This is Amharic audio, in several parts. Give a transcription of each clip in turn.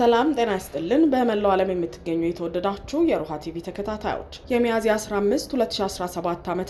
ሰላም ጤና ይስጥልን። በመላው ዓለም የምትገኙ የተወደዳችሁ የሮሃ ቲቪ ተከታታዮች የሚያዝያ 15 2017 ዓ ም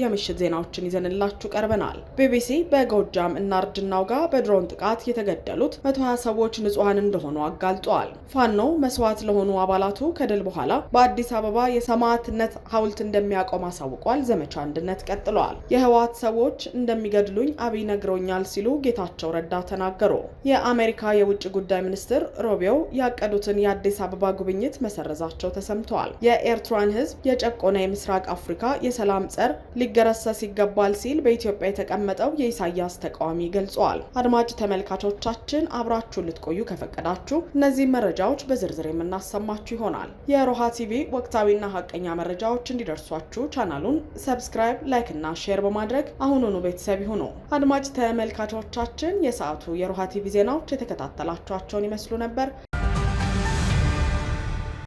የምሽት ዜናዎችን ይዘንላችሁ ቀርበናል። ቢቢሲ በጎጃም እናርጅ ጋር በድሮን ጥቃት የተገደሉት 120 ሰዎች ንጹሐን እንደሆኑ አጋልጠዋል። ፋኖ መስዋዕት ለሆኑ አባላቱ ከድል በኋላ በአዲስ አበባ የሰማዕትነት ሐውልት እንደሚያቆም አሳውቋል። ዘመቻ አንድነት ቀጥሏል። የህወሓት ሰዎች እንደሚገድሉኝ አብይ ነግሮኛል ሲሉ ጌታቸው ረዳ ተናገሩ። የአሜሪካ የውጭ ጉዳይ ሚኒስትር ሮቢዮ ጉባኤው ያቀዱትን የአዲስ አበባ ጉብኝት መሰረዛቸው ተሰምተዋል። የኤርትራን ሕዝብ የጨቆና የምስራቅ አፍሪካ የሰላም ጸር ሊገረሰስ ይገባል ሲል በኢትዮጵያ የተቀመጠው የኢሳያስ ተቃዋሚ ገልጸዋል። አድማጭ ተመልካቾቻችን አብራችሁ ልትቆዩ ከፈቀዳችሁ እነዚህ መረጃዎች በዝርዝር የምናሰማችሁ ይሆናል። የሮሃ ቲቪ ወቅታዊና ሀቀኛ መረጃዎች እንዲደርሷችሁ ቻናሉን ሰብስክራይብ፣ ላይክ እና ሼር በማድረግ አሁኑኑ ቤተሰብ ይሁኑ። አድማጭ ተመልካቾቻችን የሰዓቱ የሮሃ ቲቪ ዜናዎች የተከታተላችኋቸውን ይመስሉ ነበር።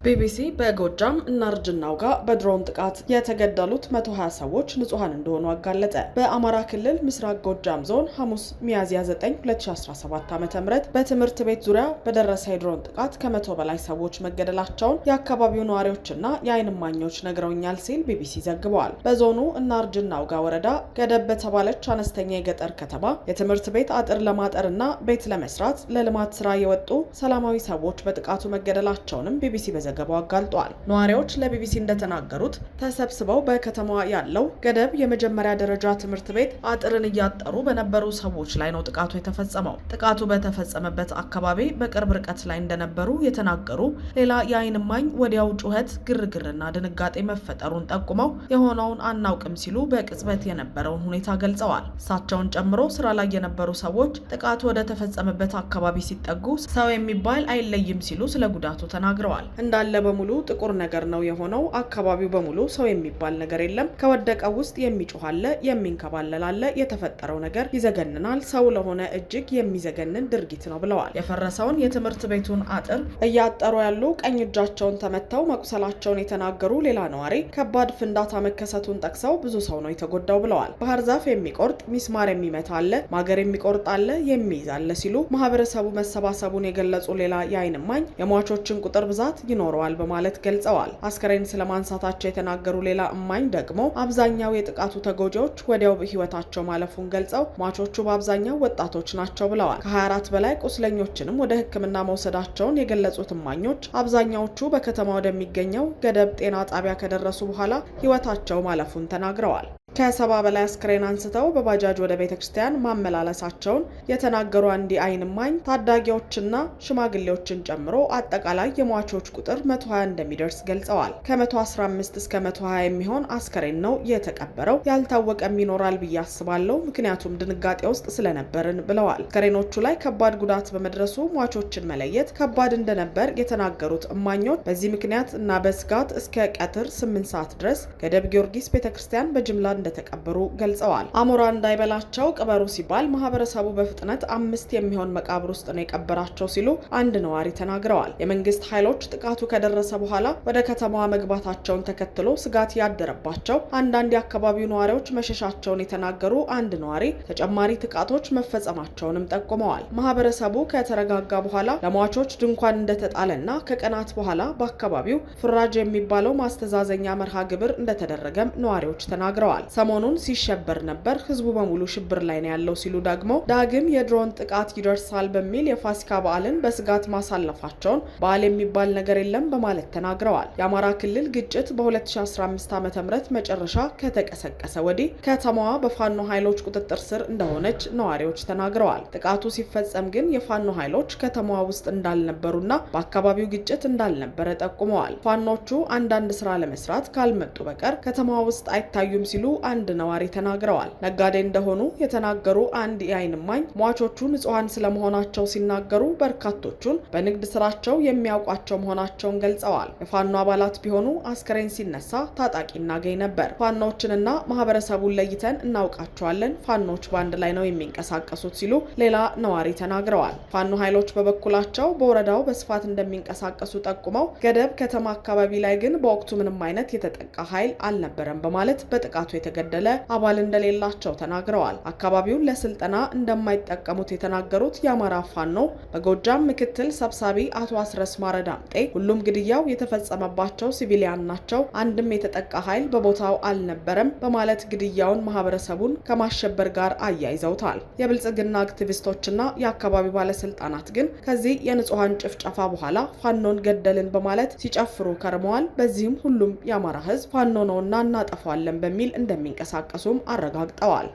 ቢቢሲ በጎጃም እናርጅናው ጋር በድሮን ጥቃት የተገደሉት 120 ሰዎች ንጹሐን እንደሆኑ አጋለጠ። በአማራ ክልል ምስራቅ ጎጃም ዞን ሐሙስ ሚያዝያ 9 2017 ዓ.ም በትምህርት ቤት ዙሪያ በደረሰ የድሮን ጥቃት ከመቶ በላይ ሰዎች መገደላቸውን የአካባቢው ነዋሪዎችና የዓይን እማኞች ነግረውኛል ሲል ቢቢሲ ዘግበዋል። በዞኑ እናርጅናው ጋር ወረዳ ገደብ በተባለች አነስተኛ የገጠር ከተማ የትምህርት ቤት አጥር ለማጠርና ቤት ለመስራት ለልማት ስራ የወጡ ሰላማዊ ሰዎች በጥቃቱ መገደላቸውንም ቢቢሲ በዘ ዘገባው አጋልጧል። ነዋሪዎች ለቢቢሲ እንደተናገሩት ተሰብስበው በከተማዋ ያለው ገደብ የመጀመሪያ ደረጃ ትምህርት ቤት አጥርን እያጠሩ በነበሩ ሰዎች ላይ ነው ጥቃቱ የተፈጸመው። ጥቃቱ በተፈጸመበት አካባቢ በቅርብ ርቀት ላይ እንደነበሩ የተናገሩ ሌላ የዓይን እማኝ ወዲያው ጩኸት፣ ግርግርና ድንጋጤ መፈጠሩን ጠቁመው የሆነውን አናውቅም ሲሉ በቅጽበት የነበረውን ሁኔታ ገልጸዋል። እሳቸውን ጨምሮ ስራ ላይ የነበሩ ሰዎች ጥቃቱ ወደ ተፈጸመበት አካባቢ ሲጠጉ ሰው የሚባል አይለይም ሲሉ ስለ ጉዳቱ ተናግረዋል። እንዳለ በሙሉ ጥቁር ነገር ነው የሆነው። አካባቢው በሙሉ ሰው የሚባል ነገር የለም። ከወደቀው ውስጥ የሚጮህ የሚንከባለላለ አለ። የተፈጠረው ነገር ይዘገንናል። ሰው ለሆነ እጅግ የሚዘገንን ድርጊት ነው ብለዋል። የፈረሰውን የትምህርት ቤቱን አጥር እያጠሩ ያሉ ቀኝ እጃቸውን ተመተው መቁሰላቸውን የተናገሩ ሌላ ነዋሪ ከባድ ፍንዳታ መከሰቱን ጠቅሰው ብዙ ሰው ነው የተጎዳው ብለዋል። ባህር ዛፍ የሚቆርጥ ሚስማር የሚመታ አለ፣ ማገር የሚቆርጥ አለ፣ የሚይዝ አለ ሲሉ ማህበረሰቡ መሰባሰቡን የገለጹ ሌላ የአይን እማኝ የሟቾችን ቁጥር ብዛት ይኖ ይኖረዋል በማለት ገልጸዋል። አስከሬን ስለማንሳታቸው የተናገሩ ሌላ እማኝ ደግሞ አብዛኛው የጥቃቱ ተጎጂዎች ወዲያው ህይወታቸው ማለፉን ገልጸው ሟቾቹ በአብዛኛው ወጣቶች ናቸው ብለዋል። ከ24 በላይ ቁስለኞችንም ወደ ሕክምና መውሰዳቸውን የገለጹት እማኞች አብዛኛዎቹ በከተማ ወደሚገኘው ገደብ ጤና ጣቢያ ከደረሱ በኋላ ህይወታቸው ማለፉን ተናግረዋል። ከሰባ በላይ አስክሬን አንስተው በባጃጅ ወደ ቤተ ክርስቲያን ማመላለሳቸውን የተናገሩ አንድ አይን እማኝ ታዳጊዎችና ሽማግሌዎችን ጨምሮ አጠቃላይ የሟቾች ቁጥር 120 እንደሚደርስ ገልጸዋል። ከ115 እስከ 120 የሚሆን አስክሬን ነው የተቀበረው። ያልታወቀም ይኖራል ብዬ አስባለሁ፣ ምክንያቱም ድንጋጤ ውስጥ ስለነበርን ብለዋል። አስክሬኖቹ ላይ ከባድ ጉዳት በመድረሱ ሟቾችን መለየት ከባድ እንደነበር የተናገሩት እማኞች በዚህ ምክንያት እና በስጋት እስከ ቀትር 8 ሰዓት ድረስ ከደብ ጊዮርጊስ ቤተ ክርስቲያን በጅምላ እንደተቀበሩ ገልጸዋል። አሞራ እንዳይበላቸው ቅበሩ ሲባል ማህበረሰቡ በፍጥነት አምስት የሚሆን መቃብር ውስጥ ነው የቀበራቸው ሲሉ አንድ ነዋሪ ተናግረዋል። የመንግስት ኃይሎች ጥቃቱ ከደረሰ በኋላ ወደ ከተማዋ መግባታቸውን ተከትሎ ስጋት ያደረባቸው አንዳንድ የአካባቢው ነዋሪዎች መሸሻቸውን የተናገሩ አንድ ነዋሪ ተጨማሪ ጥቃቶች መፈጸማቸውንም ጠቁመዋል። ማህበረሰቡ ከተረጋጋ በኋላ ለሟቾች ድንኳን እንደተጣለና ከቀናት በኋላ በአካባቢው ፍራጅ የሚባለው ማስተዛዘኛ መርሃ ግብር እንደተደረገም ነዋሪዎች ተናግረዋል። ሰሞኑን ሲሸበር ነበር፣ ህዝቡ በሙሉ ሽብር ላይ ነው ያለው ሲሉ ደግሞ ዳግም የድሮን ጥቃት ይደርሳል በሚል የፋሲካ በዓልን በስጋት ማሳለፋቸውን በዓል የሚባል ነገር የለም በማለት ተናግረዋል። የአማራ ክልል ግጭት በ2015 ዓ ም መጨረሻ ከተቀሰቀሰ ወዲህ ከተማዋ በፋኖ ኃይሎች ቁጥጥር ስር እንደሆነች ነዋሪዎች ተናግረዋል። ጥቃቱ ሲፈጸም ግን የፋኖ ኃይሎች ከተማዋ ውስጥ እንዳልነበሩና በአካባቢው ግጭት እንዳልነበረ ጠቁመዋል። ፋኖቹ አንዳንድ ስራ ለመስራት ካልመጡ በቀር ከተማዋ ውስጥ አይታዩም ሲሉ አንድ ነዋሪ ተናግረዋል። ነጋዴ እንደሆኑ የተናገሩ አንድ የዓይን እማኝ ሟቾቹ ንጹሐን ስለመሆናቸው ሲናገሩ በርካቶቹን በንግድ ስራቸው የሚያውቋቸው መሆናቸውን ገልጸዋል። የፋኖ አባላት ቢሆኑ አስከሬን ሲነሳ ታጣቂ እናገኝ ነበር። ፋኖዎችንና ማህበረሰቡን ለይተን እናውቃቸዋለን። ፋኖች በአንድ ላይ ነው የሚንቀሳቀሱት ሲሉ ሌላ ነዋሪ ተናግረዋል። ፋኖ ኃይሎች በበኩላቸው በወረዳው በስፋት እንደሚንቀሳቀሱ ጠቁመው ገደብ ከተማ አካባቢ ላይ ግን በወቅቱ ምንም አይነት የተጠቃ ኃይል አልነበረም በማለት በጥቃቱ የተገደለ አባል እንደሌላቸው ተናግረዋል። አካባቢውን ለስልጠና እንደማይጠቀሙት የተናገሩት የአማራ ፋኖ በጎጃም ምክትል ሰብሳቢ አቶ አስረስ ማረ ዳምጤ ሁሉም ግድያው የተፈጸመባቸው ሲቪሊያን ናቸው፣ አንድም የተጠቃ ኃይል በቦታው አልነበረም በማለት ግድያውን ማህበረሰቡን ከማሸበር ጋር አያይዘውታል። የብልጽግና አክቲቪስቶችና የአካባቢው ባለስልጣናት ግን ከዚህ የንጹሐን ጭፍጨፋ በኋላ ፋኖን ገደልን በማለት ሲጨፍሩ ከርመዋል። በዚህም ሁሉም የአማራ ህዝብ ፋኖ ነውና እናጠፋዋለን በሚል እንደ እንደሚንቀሳቀሱም አረጋግጠዋል።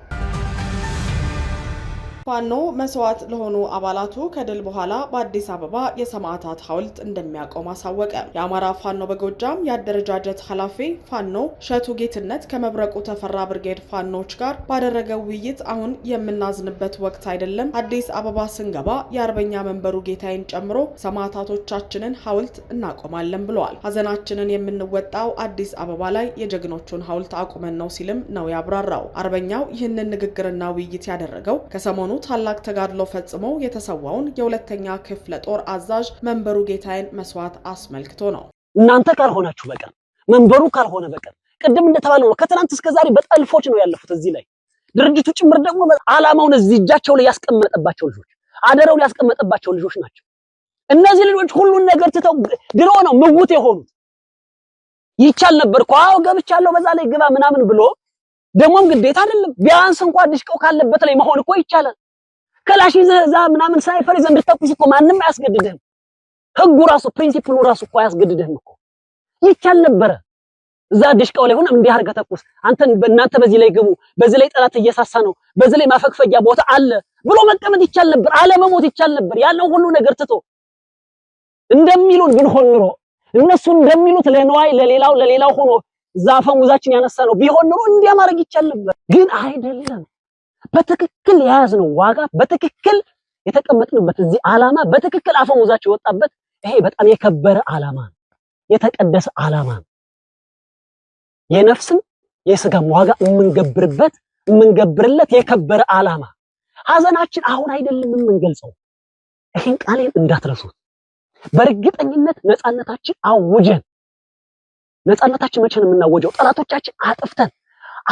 ፋኖ መስዋዕት ለሆኑ አባላቱ ከድል በኋላ በአዲስ አበባ የሰማዕታት ሐውልት እንደሚያቆም አሳወቀ። የአማራ ፋኖ በጎጃም የአደረጃጀት ኃላፊ ፋኖ ሸቱ ጌትነት ከመብረቁ ተፈራ ብርጌድ ፋኖች ጋር ባደረገው ውይይት አሁን የምናዝንበት ወቅት አይደለም፣ አዲስ አበባ ስንገባ የአርበኛ መንበሩ ጌታይን ጨምሮ ሰማዕታቶቻችንን ሐውልት እናቆማለን ብለዋል። ሀዘናችንን የምንወጣው አዲስ አበባ ላይ የጀግኖቹን ሐውልት አቁመን ነው ሲልም ነው ያብራራው። አርበኛው ይህንን ንግግርና ውይይት ያደረገው ከሰሞኑ ታላቅ ተጋድሎ ፈጽሞ የተሰዋውን የሁለተኛ ክፍለ ጦር አዛዥ መንበሩ ጌታዬን መስዋዕት አስመልክቶ ነው። እናንተ ካልሆናችሁ በቀር መንበሩ ካልሆነ በቀር ቅድም እንደተባለ ነው። ከትናንት እስከ ዛሬ በጠልፎች ነው ያለፉት። እዚህ ላይ ድርጅቱ ጭምር ደግሞ አላማውን እዚህ እጃቸው ላይ ያስቀመጠባቸው ልጆች አደረውን ያስቀመጠባቸው ልጆች ናቸው። እነዚህ ልጆች ሁሉን ነገር ትተው ድሮ ነው ምውት የሆኑት። ይቻል ነበር እኮ አዎ፣ ገብቻለሁ በዛ ላይ ግባ ምናምን ብሎ ደግሞም ግዴታ አይደለም። ቢያንስ እንኳን ድሽቀው ካለበት ላይ መሆን እኮ ይቻላል። ከላሽ ዘዛ ምናምን ሳይፈር ይዘህ እንድትተኩስ እኮ ማንም አያስገድድህም። ህጉ ራሱ ፕሪንሲፕሉ ራሱ እኮ አያስገድድህም እኮ ይቻል ነበረ። እዛ ድሽቃው ላይ ሆነ እንዲህ አድርገህ ተኩስ፣ አንተ እናንተ በዚህ ላይ ግቡ፣ በዚህ ላይ ጠላት እየሳሳ ነው፣ በዚህ ላይ ማፈግፈጊያ ቦታ አለ ብሎ መቀመጥ ይቻል ነበር። አለመሞት ይቻል ነበር። ያለው ሁሉ ነገር ትቶ እንደሚሉን ብንሆን ኑሮ እነሱ እንደሚሉት ለነዋይ ለሌላው ለሌላው ሆኖ ዛፈሙዛችን ያነሳ ነው ቢሆን ኑሮ እንዲያ ማድረግ ይቻል ነበር፣ ግን አይደለም። በትክክል የያዝነው ዋጋ በትክክል የተቀመጥንበት እዚህ ዓላማ በትክክል አፈሙዛቸው የወጣበት ይሄ በጣም የከበረ ዓላማ ነው፣ የተቀደሰ ዓላማ ነው። የነፍስም የስጋም ዋጋ የምንገብርበት የምንገብርለት የከበረ ዓላማ። ሐዘናችን አሁን አይደለም የምንገልጸው። ይህን ቃሌን እንዳትረሱት። በእርግጠኝነት ነፃነታችን አውጀን ነፃነታችን መቼ ነው የምናወጀው? ጠላቶቻችን አጥፍተን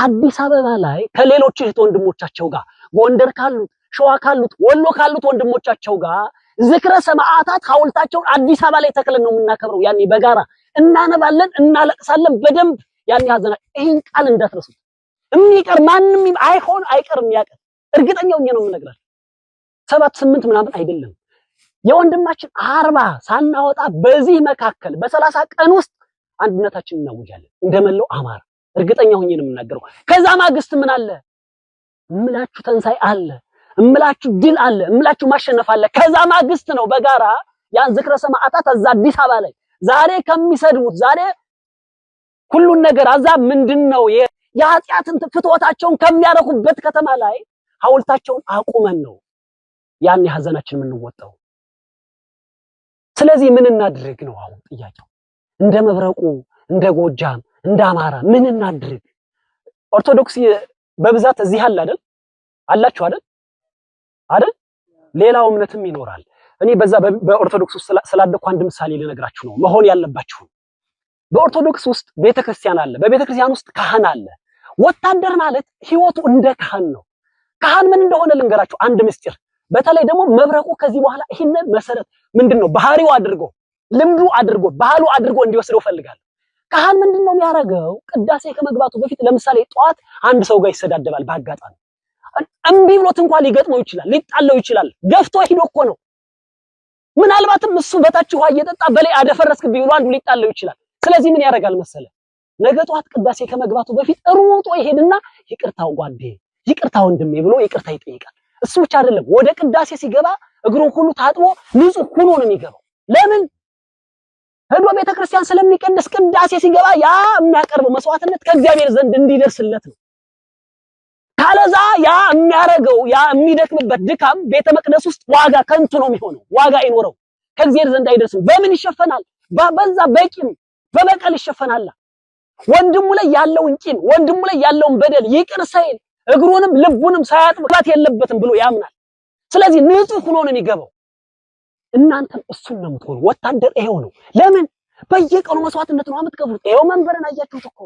አዲስ አበባ ላይ ከሌሎች እህት ወንድሞቻቸው ጋር ጎንደር ካሉት፣ ሸዋ ካሉት፣ ወሎ ካሉት ወንድሞቻቸው ጋር ዝክረ ሰማዕታት ሐውልታቸውን አዲስ አበባ ላይ ተክለን ነው የምናከብረው። ያኔ በጋራ እናነባለን፣ እናለቅሳለን በደንብ ያኔ ሀዘና። ይህን ቃል እንዳትረሱት። የሚቀር ማንም አይሆን አይቀርም ያቀር እርግጠኛው ነው የምነግራችሁ። ሰባት ስምንት ምናምን አይደለም የወንድማችን አርባ ሳናወጣ በዚህ መካከል በሰላሳ ቀን ውስጥ አንድነታችን እናውጃለን እንደመለው አማራ እርግጠኛ ሆኜ ነው የምናገረው። ከዛ ማግስት ምን አለ እምላችሁ ተንሳይ አለ እምላችሁ ድል አለ እምላችሁ ማሸነፍ አለ። ከዛ ማግስት ነው በጋራ ያን ዝክረ ሰማዕታት እዛ አዲስ አበባ ላይ ዛሬ ከሚሰድቡት ዛሬ ሁሉን ነገር አዛ ምንድን ነው የኃጢአትን ፍትወታቸውን ከሚያረኩበት ከተማ ላይ ሐውልታቸውን አቁመን ነው ያን ሐዘናችን የምንወጣው። ስለዚህ ምን እናድርግ ነው አሁን ጥያቄው። እንደ መብረቁ እንደ ጎጃም እንደ አማራ ምን እናድርግ? ኦርቶዶክስ በብዛት እዚህ አለ አይደል? አላችሁ አይደል? አይደል? ሌላው እምነትም ይኖራል። እኔ በዛ በኦርቶዶክስ ውስጥ ስላደኩ አንድ ምሳሌ ልነግራችሁ ነው፣ መሆን ያለባችሁ። በኦርቶዶክስ ውስጥ ቤተክርስቲያን አለ፣ በቤተክርስቲያን ውስጥ ካህን አለ። ወታደር ማለት ህይወቱ እንደ ካህን ነው። ካህን ምን እንደሆነ ልንገራችሁ አንድ ምስጢር። በተለይ ደግሞ መብረቁ ከዚህ በኋላ ይህንን መሰረት ምንድን ነው ባህሪው አድርጎ ልምዱ አድርጎ ባህሉ አድርጎ እንዲወስደው ፈልጋለሁ። ካህን ምንድን ነው የሚያደርገው? ቅዳሴ ከመግባቱ በፊት ለምሳሌ ጠዋት አንድ ሰው ጋር ይሰዳደባል በአጋጣሚ እምቢ ብሎት እንኳን ሊገጥመው ይችላል፣ ሊጣለው ይችላል። ገፍቶ ሂዶ እኮ ነው። ምናልባትም እሱ በታች ውሃ እየጠጣ በላይ አደፈረስክ ቢሉ አንዱ ሊጣለው ይችላል። ስለዚህ ምን ያደርጋል መሰለ ነገ ጠዋት ቅዳሴ ከመግባቱ በፊት ሩጦ ይሄድና ይቅርታው ጓዴ፣ ይቅርታ ወንድሜ ብሎ ይቅርታ ይጠይቃል። እሱ ብቻ አይደለም፣ ወደ ቅዳሴ ሲገባ እግሩን ሁሉ ታጥቦ ንጹህ ሁሉ ነው የሚገባው። ለምን ሄዶ ቤተክርስቲያን ስለሚቀደስ ቅዳሴ ሲገባ ያ የሚያቀርበው መስዋዕትነት ከእግዚአብሔር ዘንድ እንዲደርስለት ነው። ካለዛ ያ የሚያረገው ያ የሚደክምበት ድካም ቤተ መቅደስ ውስጥ ዋጋ ከንቱ ነው የሚሆነው። ዋጋ አይኖረው፣ ከእግዚአብሔር ዘንድ አይደርስም። በምን ይሸፈናል? በዛ በቂም በበቀል ይሸፈናል። ወንድሙ ላይ ያለውን ቂም፣ ወንድሙ ላይ ያለውን በደል ይቅር ሳይል እግሩንም ልቡንም ሳያጥብ የለበትም ብሎ ያምናል። ስለዚህ ንጹህ ሆኖ ነው የሚገባው። እናንተም እሱን ነው የምትሆኑ። ወታደር ይሄው ነው። ለምን በየቀኑ መስዋዕትነት ነው የምትከፍሉት። ይሄው መንበርን አያችሁት እኮ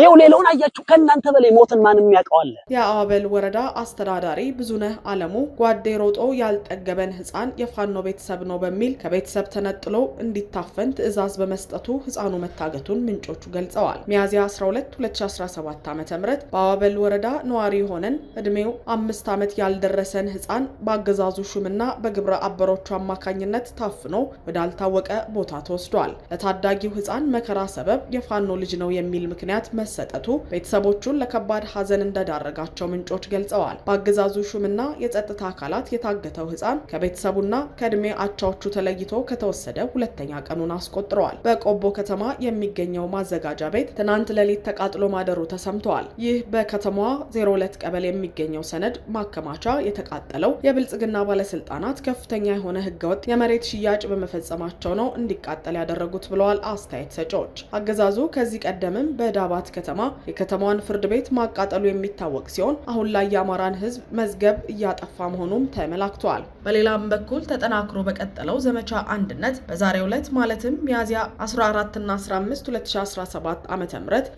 ይሄው ሌላውን አያችሁ። ከእናንተ በላይ ሞትን ማንም ያውቀዋል። የአበል ወረዳ አስተዳዳሪ ብዙነህ አለሙ ጓዴ ሮጦ ያልጠገበን ህፃን የፋኖ ቤተሰብ ነው በሚል ከቤተሰብ ተነጥሎ እንዲታፈን ትዕዛዝ በመስጠቱ ህፃኑ መታገቱን ምንጮቹ ገልጸዋል። ሚያዝያ 12 2017 ዓ ም ወረዳ ነዋሪ ሆነን እድሜው አምስት ዓመት ያልደረሰን ህፃን በአገዛዙ ሹምና በግብረ አበሮቹ አማካኝነት ታፍኖ ወዳልታወቀ ቦታ ተወስዷል። ለታዳጊው ህፃን መከራ ሰበብ የፋኖ ልጅ ነው የሚል ምክንያት መሰጠቱ ቤተሰቦቹን ለከባድ ሀዘን እንደዳረጋቸው ምንጮች ገልጸዋል። በአገዛዙ ሹምና የጸጥታ አካላት የታገተው ህፃን ከቤተሰቡና ከዕድሜ አቻዎቹ ተለይቶ ከተወሰደ ሁለተኛ ቀኑን አስቆጥረዋል። በቆቦ ከተማ የሚገኘው ማዘጋጃ ቤት ትናንት ሌሊት ተቃጥሎ ማደሩ ተሰምተዋል። ይህ በከተማዋ 02 ቀበሌ የሚገኘው ሰነድ ማከማቻ የተቃጠለው የብልጽግና ባለስልጣናት ከፍተኛ የሆነ ህገወጥ የመሬት ሽያጭ በመፈጸማቸው ነው እንዲቃጠል ያደረጉት ብለዋል አስተያየት ሰጪዎች። አገዛዙ ከዚህ ቀደምም በዳባት ከተማ የከተማዋን ፍርድ ቤት ማቃጠሉ የሚታወቅ ሲሆን አሁን ላይ የአማራን ሕዝብ መዝገብ እያጠፋ መሆኑም ተመላክቷል። በሌላም በኩል ተጠናክሮ በቀጠለው ዘመቻ አንድነት በዛሬው ዕለት ማለትም ሚያዝያ 14ና 15 2017 ዓ ም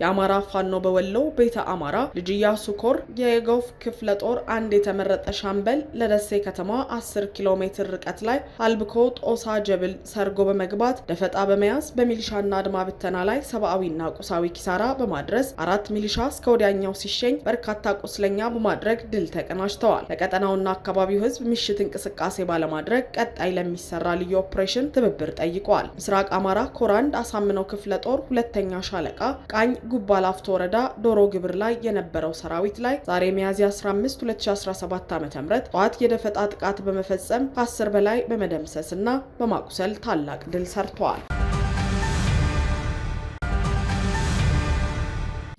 የአማራ ፋኖ በወሎ ቤተ አማራ ልጅ ኢያሱ ኮር የጎፍ ክፍለ ጦር አንድ የተመረጠ ሻምበል ለደሴ ከተማ 10 ኪሎ ሜትር ርቀት ላይ አልብኮ ጦሳ ጀብል ሰርጎ በመግባት ደፈጣ በመያዝ በሚሊሻና አድማ ብተና ላይ ሰብአዊና ቁሳዊ ኪሳራ በማድረግ ድረስ አራት ሚሊሻ እስከ ወዲያኛው ሲሸኝ በርካታ ቁስለኛ በማድረግ ድል ተቀናጅተዋል። ለቀጠናውና አካባቢው ህዝብ ምሽት እንቅስቃሴ ባለማድረግ ቀጣይ ለሚሰራ ልዩ ኦፕሬሽን ትብብር ጠይቋል። ምስራቅ አማራ ኮራንድ አሳምነው ክፍለ ጦር ሁለተኛ ሻለቃ ቃኝ ጉባላፍቶ ወረዳ ዶሮ ግብር ላይ የነበረው ሰራዊት ላይ ዛሬ ሚያዝያ 15 2017 ዓ.ም ጠዋት የደፈጣ ጥቃት በመፈጸም ከ10 በላይ በመደምሰስና በማቁሰል ታላቅ ድል ሰርተዋል።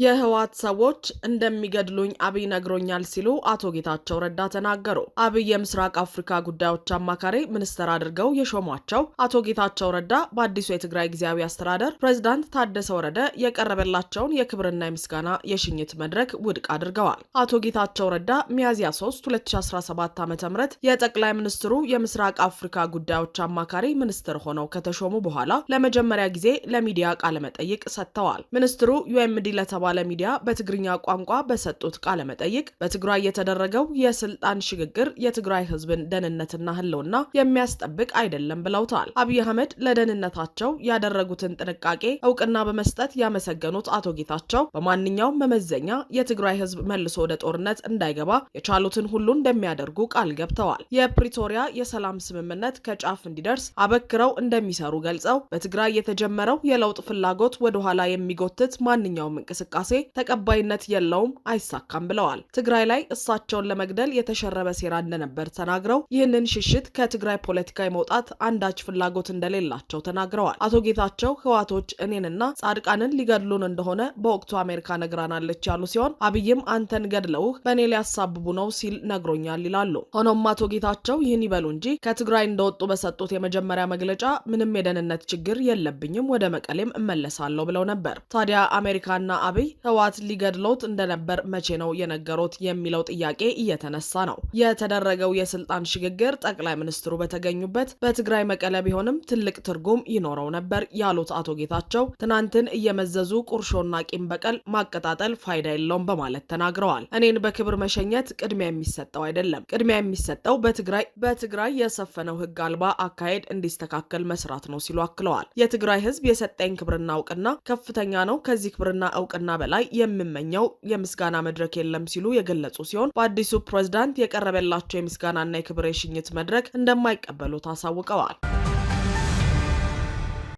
የህወሓት ሰዎች እንደሚገድሉኝ አብይ ነግሮኛል ሲሉ አቶ ጌታቸው ረዳ ተናገሩ። አብይ የምስራቅ አፍሪካ ጉዳዮች አማካሪ ሚኒስትር አድርገው የሾሟቸው አቶ ጌታቸው ረዳ በአዲሱ የትግራይ ጊዜያዊ አስተዳደር ፕሬዚዳንት ታደሰ ወረደ የቀረበላቸውን የክብርና የምስጋና የሽኝት መድረክ ውድቅ አድርገዋል። አቶ ጌታቸው ረዳ ሚያዝያ 3 2017 ዓ ም የጠቅላይ ሚኒስትሩ የምስራቅ አፍሪካ ጉዳዮች አማካሪ ሚኒስትር ሆነው ከተሾሙ በኋላ ለመጀመሪያ ጊዜ ለሚዲያ ቃለመጠይቅ ሰጥተዋል። ሚኒስትሩ ዩኤምዲ ለተባ ለተባለ ሚዲያ በትግርኛ ቋንቋ በሰጡት ቃለ መጠይቅ በትግራይ የተደረገው የስልጣን ሽግግር የትግራይ ህዝብን ደህንነትና ህልውና የሚያስጠብቅ አይደለም ብለውታል። አብይ አህመድ ለደህንነታቸው ያደረጉትን ጥንቃቄ እውቅና በመስጠት ያመሰገኑት አቶ ጌታቸው በማንኛውም መመዘኛ የትግራይ ህዝብ መልሶ ወደ ጦርነት እንዳይገባ የቻሉትን ሁሉ እንደሚያደርጉ ቃል ገብተዋል። የፕሪቶሪያ የሰላም ስምምነት ከጫፍ እንዲደርስ አበክረው እንደሚሰሩ ገልጸው በትግራይ የተጀመረው የለውጥ ፍላጎት ወደኋላ የሚጎትት ማንኛውም እንቅስቃሴ እንቅስቃሴ ተቀባይነት የለውም፣ አይሳካም ብለዋል። ትግራይ ላይ እሳቸውን ለመግደል የተሸረበ ሴራ እንደነበር ተናግረው ይህንን ሽሽት ከትግራይ ፖለቲካ የመውጣት አንዳች ፍላጎት እንደሌላቸው ተናግረዋል። አቶ ጌታቸው ህዋቶች እኔንና ጻድቃንን ሊገድሉን እንደሆነ በወቅቱ አሜሪካ ነግራናለች ያሉ ሲሆን አብይም አንተን ገድለውህ በእኔ ሊያሳብቡ ነው ሲል ነግሮኛል ይላሉ። ሆኖም አቶ ጌታቸው ይህን ይበሉ እንጂ ከትግራይ እንደወጡ በሰጡት የመጀመሪያ መግለጫ ምንም የደህንነት ችግር የለብኝም፣ ወደ መቀሌም እመለሳለሁ ብለው ነበር። ታዲያ አሜሪካና አብይ ህወሓት ሊገድሎት እንደነበር መቼ ነው የነገሮት የሚለው ጥያቄ እየተነሳ ነው። የተደረገው የስልጣን ሽግግር ጠቅላይ ሚኒስትሩ በተገኙበት በትግራይ መቀለ ቢሆንም ትልቅ ትርጉም ይኖረው ነበር ያሉት አቶ ጌታቸው ትናንትን እየመዘዙ ቁርሾና ቂም በቀል ማቀጣጠል ፋይዳ የለውም በማለት ተናግረዋል። እኔን በክብር መሸኘት ቅድሚያ የሚሰጠው አይደለም። ቅድሚያ የሚሰጠው በትግራይ በትግራይ የሰፈነው ህግ አልባ አካሄድ እንዲስተካከል መስራት ነው ሲሉ አክለዋል። የትግራይ ህዝብ የሰጠኝ ክብርና እውቅና ከፍተኛ ነው። ከዚህ ክብርና እውቅና በላይ የምመኘው የምስጋና መድረክ የለም ሲሉ የገለጹ ሲሆን በአዲሱ ፕሬዝዳንት የቀረበላቸው የምስጋናና የክብር የሽኝት መድረክ እንደማይቀበሉት አሳውቀዋል።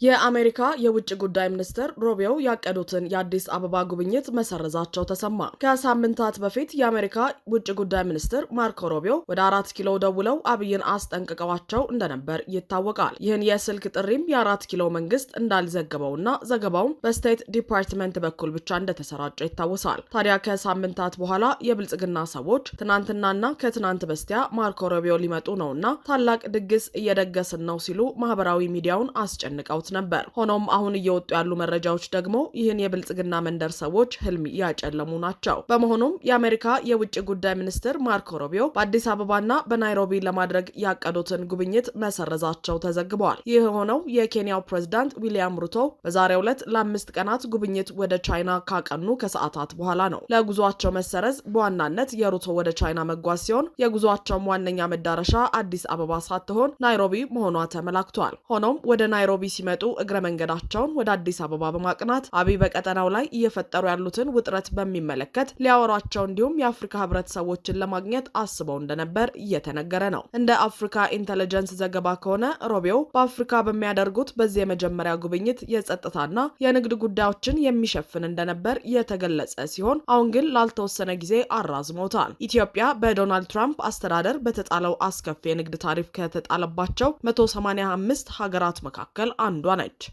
የአሜሪካ የውጭ ጉዳይ ሚኒስትር ሮቢዮ ያቀዱትን የአዲስ አበባ ጉብኝት መሰረዛቸው ተሰማ። ከሳምንታት በፊት የአሜሪካ ውጭ ጉዳይ ሚኒስትር ማርኮ ሮቢዮ ወደ አራት ኪሎ ደውለው አብይን አስጠንቅቀዋቸው እንደነበር ይታወቃል። ይህን የስልክ ጥሪም የአራት ኪሎ መንግስት እንዳልዘገበውና ዘገባውም በስቴት ዲፓርትመንት በኩል ብቻ እንደተሰራጨ ይታወሳል። ታዲያ ከሳምንታት በኋላ የብልጽግና ሰዎች ትናንትናና ከትናንት በስቲያ ማርኮ ሮቢዮ ሊመጡ ነውና ታላቅ ድግስ እየደገስን ነው ሲሉ ማህበራዊ ሚዲያውን አስጨንቀውት ተሰምቶት ነበር። ሆኖም አሁን እየወጡ ያሉ መረጃዎች ደግሞ ይህን የብልጽግና መንደር ሰዎች ህልም ያጨለሙ ናቸው። በመሆኑም የአሜሪካ የውጭ ጉዳይ ሚኒስትር ማርኮ ሮቢዮ በአዲስ አበባና በናይሮቢ ለማድረግ ያቀዱትን ጉብኝት መሰረዛቸው ተዘግበዋል። ይህ የሆነው የኬንያው ፕሬዝዳንት ዊሊያም ሩቶ በዛሬው ዕለት ለአምስት ቀናት ጉብኝት ወደ ቻይና ካቀኑ ከሰዓታት በኋላ ነው። ለጉዟቸው መሰረዝ በዋናነት የሩቶ ወደ ቻይና መጓዝ ሲሆን የጉዟቸውም ዋነኛ መዳረሻ አዲስ አበባ ሳትሆን ናይሮቢ መሆኗ ተመላክቷል። ሆኖም ወደ ናይሮቢ ሲመጡ ሲመጡ እግረ መንገዳቸውን ወደ አዲስ አበባ በማቅናት አብይ በቀጠናው ላይ እየፈጠሩ ያሉትን ውጥረት በሚመለከት ሊያወሯቸው እንዲሁም የአፍሪካ ህብረት ሰዎችን ለማግኘት አስበው እንደነበር እየተነገረ ነው። እንደ አፍሪካ ኢንተለጀንስ ዘገባ ከሆነ ሮቤው በአፍሪካ በሚያደርጉት በዚህ የመጀመሪያ ጉብኝት የጸጥታና የንግድ ጉዳዮችን የሚሸፍን እንደነበር የተገለጸ ሲሆን አሁን ግን ላልተወሰነ ጊዜ አራዝሞታል። ኢትዮጵያ በዶናልድ ትራምፕ አስተዳደር በተጣለው አስከፊ የንግድ ታሪፍ ከተጣለባቸው 185 ሀገራት መካከል አንዷ on it.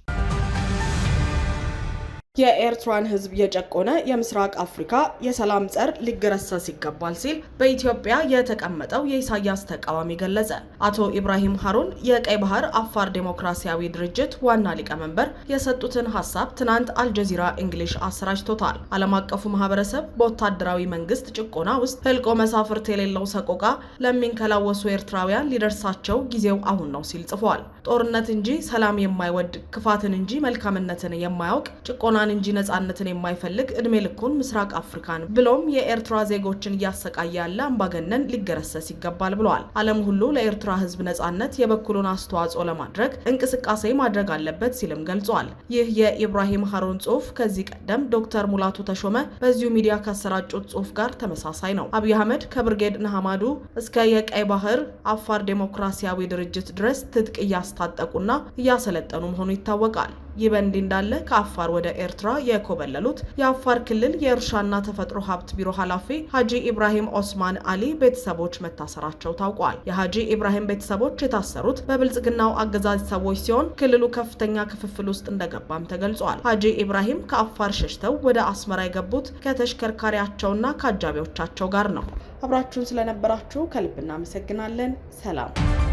የኤርትራን ሕዝብ የጨቆነ የምስራቅ አፍሪካ የሰላም ጸር ሊገረሰስ ይገባል ሲል በኢትዮጵያ የተቀመጠው የኢሳያስ ተቃዋሚ ገለጸ። አቶ ኢብራሂም ሀሩን የቀይ ባህር አፋር ዴሞክራሲያዊ ድርጅት ዋና ሊቀመንበር የሰጡትን ሀሳብ ትናንት አልጀዚራ እንግሊሽ አሰራጭቶታል። ዓለም አቀፉ ማህበረሰብ በወታደራዊ መንግስት ጭቆና ውስጥ ህልቆ መሳፍርት የሌለው ሰቆቃ ለሚንከላወሱ ኤርትራውያን ሊደርሳቸው ጊዜው አሁን ነው ሲል ጽፏል። ጦርነት እንጂ ሰላም የማይወድ ክፋትን እንጂ መልካምነትን የማያውቅ ጭቆና ኢራን እንጂ ነጻነትን የማይፈልግ እድሜ ልኩን ምስራቅ አፍሪካን ብሎም የኤርትራ ዜጎችን እያሰቃየ ያለ አምባገነን ሊገረሰስ ይገባል ብለዋል። ዓለም ሁሉ ለኤርትራ ሕዝብ ነጻነት የበኩሉን አስተዋጽኦ ለማድረግ እንቅስቃሴ ማድረግ አለበት ሲልም ገልጿል። ይህ የኢብራሂም ሀሮን ጽሁፍ ከዚህ ቀደም ዶክተር ሙላቱ ተሾመ በዚሁ ሚዲያ ካሰራጩት ጽሁፍ ጋር ተመሳሳይ ነው። አብይ አህመድ ከብርጌድ ነሐማዱ እስከ የቀይ ባህር አፋር ዴሞክራሲያዊ ድርጅት ድረስ ትጥቅ እያስታጠቁና እያሰለጠኑ መሆኑ ይታወቃል። ይህ በእንዲህ እንዳለ ከአፋር ወደ ኤርትራ የኮበለሉት የአፋር ክልል የእርሻና ተፈጥሮ ሀብት ቢሮ ኃላፊ ሀጂ ኢብራሂም ኦስማን አሊ ቤተሰቦች መታሰራቸው ታውቋል። የሀጂ ኢብራሂም ቤተሰቦች የታሰሩት በብልጽግናው አገዛዝ ሰዎች ሲሆን ክልሉ ከፍተኛ ክፍፍል ውስጥ እንደገባም ተገልጿል። ሀጂ ኢብራሂም ከአፋር ሸሽተው ወደ አስመራ የገቡት ከተሽከርካሪያቸውና ከአጃቢዎቻቸው ጋር ነው። አብራችሁን ስለነበራችሁ ከልብ እናመሰግናለን። ሰላም